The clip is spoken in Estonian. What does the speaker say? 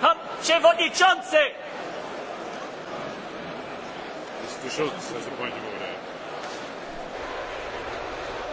Pan przewodniczący! It's too short, that's the point of order.